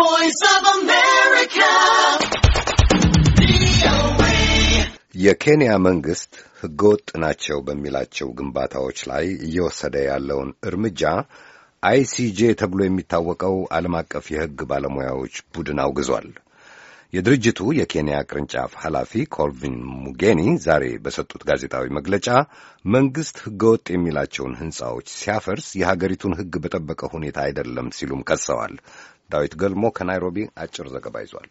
ቮይስ ኦፍ አሜሪካ የኬንያ መንግሥት ሕገወጥ ናቸው በሚላቸው ግንባታዎች ላይ እየወሰደ ያለውን እርምጃ አይሲጄ ተብሎ የሚታወቀው ዓለም አቀፍ የህግ ባለሙያዎች ቡድን አውግዟል። የድርጅቱ የኬንያ ቅርንጫፍ ኃላፊ ኮልቪን ሙጌኒ ዛሬ በሰጡት ጋዜጣዊ መግለጫ መንግሥት ሕገወጥ የሚላቸውን ሕንፃዎች ሲያፈርስ የሀገሪቱን ሕግ በጠበቀ ሁኔታ አይደለም ሲሉም ከሰዋል። ዳዊት ገልሞ ከናይሮቢ አጭር ዘገባ ይዟል።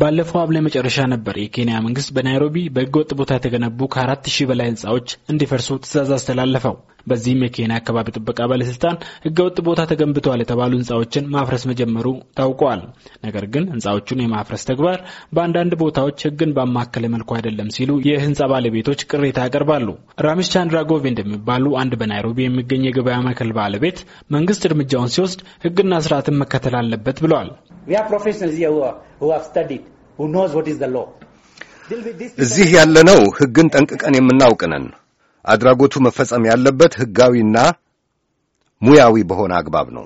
ባለፈው ሐምሌ መጨረሻ ነበር የኬንያ መንግስት በናይሮቢ በህገወጥ ቦታ የተገነቡ ከአራት ሺህ በላይ ህንፃዎች እንዲፈርሱ ትእዛዝ አስተላለፈው። በዚህም የኬንያ አካባቢ ጥበቃ ባለስልጣን ህገወጥ ቦታ ተገንብተዋል የተባሉ ህንፃዎችን ማፍረስ መጀመሩ ታውቋል። ነገር ግን ህንፃዎቹን የማፍረስ ተግባር በአንዳንድ ቦታዎች ህግን ባማከለ መልኩ አይደለም ሲሉ የህንፃ ባለቤቶች ቅሬታ ያቀርባሉ። ቻንድራ ጎቬ እንደሚባሉ አንድ በናይሮቢ የሚገኝ የገበያ ማዕከል ባለቤት መንግስት እርምጃውን ሲወስድ ህግና ስርዓትን መከተል አለበት ብለዋል። እዚህ ያለነው ሕግን ጠንቅቀን የምናውቅ ነን። አድራጎቱ መፈጸም ያለበት ሕጋዊና ሙያዊ በሆነ አግባብ ነው።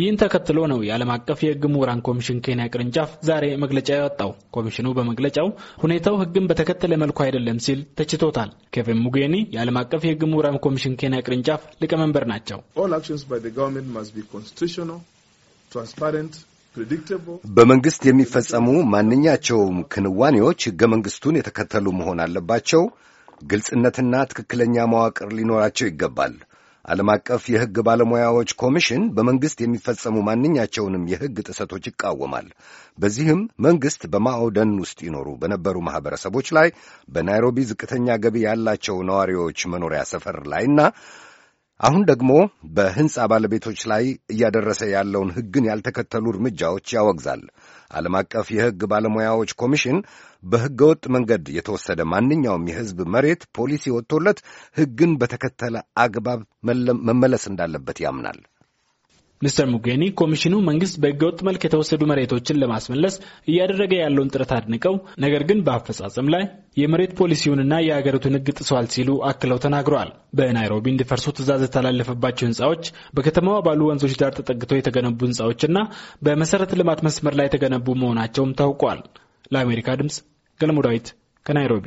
ይህን ተከትሎ ነው የዓለም አቀፍ የሕግ ምሁራን ኮሚሽን ኬንያ ቅርንጫፍ ዛሬ መግለጫ ያወጣው። ኮሚሽኑ በመግለጫው ሁኔታው ሕግን በተከተለ መልኩ አይደለም ሲል ተችቶታል። ኬቨን ሙጌኒ የዓለም አቀፍ የሕግ ምሁራን ኮሚሽን ኬንያ ቅርንጫፍ ሊቀመንበር ናቸው። በመንግሥት የሚፈጸሙ ማንኛቸውም ክንዋኔዎች ሕገ መንግሥቱን የተከተሉ መሆን አለባቸው። ግልጽነትና ትክክለኛ መዋቅር ሊኖራቸው ይገባል። ዓለም አቀፍ የሕግ ባለሙያዎች ኮሚሽን በመንግሥት የሚፈጸሙ ማንኛቸውንም የሕግ ጥሰቶች ይቃወማል። በዚህም መንግሥት በማኦ ደን ውስጥ ይኖሩ በነበሩ ማኅበረሰቦች ላይ፣ በናይሮቢ ዝቅተኛ ገቢ ያላቸው ነዋሪዎች መኖሪያ ሰፈር ላይና አሁን ደግሞ በሕንፃ ባለቤቶች ላይ እያደረሰ ያለውን ሕግን ያልተከተሉ እርምጃዎች ያወግዛል። ዓለም አቀፍ የሕግ ባለሙያዎች ኮሚሽን ወጥ መንገድ የተወሰደ ማንኛውም የሕዝብ መሬት ፖሊሲ ወጥቶለት ሕግን በተከተለ አግባብ መመለስ እንዳለበት ያምናል። ሚስተር ሙጌኒ ኮሚሽኑ መንግስት በህገወጥ መልክ የተወሰዱ መሬቶችን ለማስመለስ እያደረገ ያለውን ጥረት አድንቀው ነገር ግን በአፈጻጸም ላይ የመሬት ፖሊሲውንና የሀገሪቱን ህግ ጥሷል ሲሉ አክለው ተናግረዋል። በናይሮቢ እንዲፈርሱ ትእዛዝ የተላለፈባቸው ህንፃዎች፣ በከተማዋ ባሉ ወንዞች ዳር ተጠግተው የተገነቡ ህንፃዎችና በመሰረተ ልማት መስመር ላይ የተገነቡ መሆናቸውም ታውቋል። ለአሜሪካ ድምፅ ገለሞዳዊት ከናይሮቢ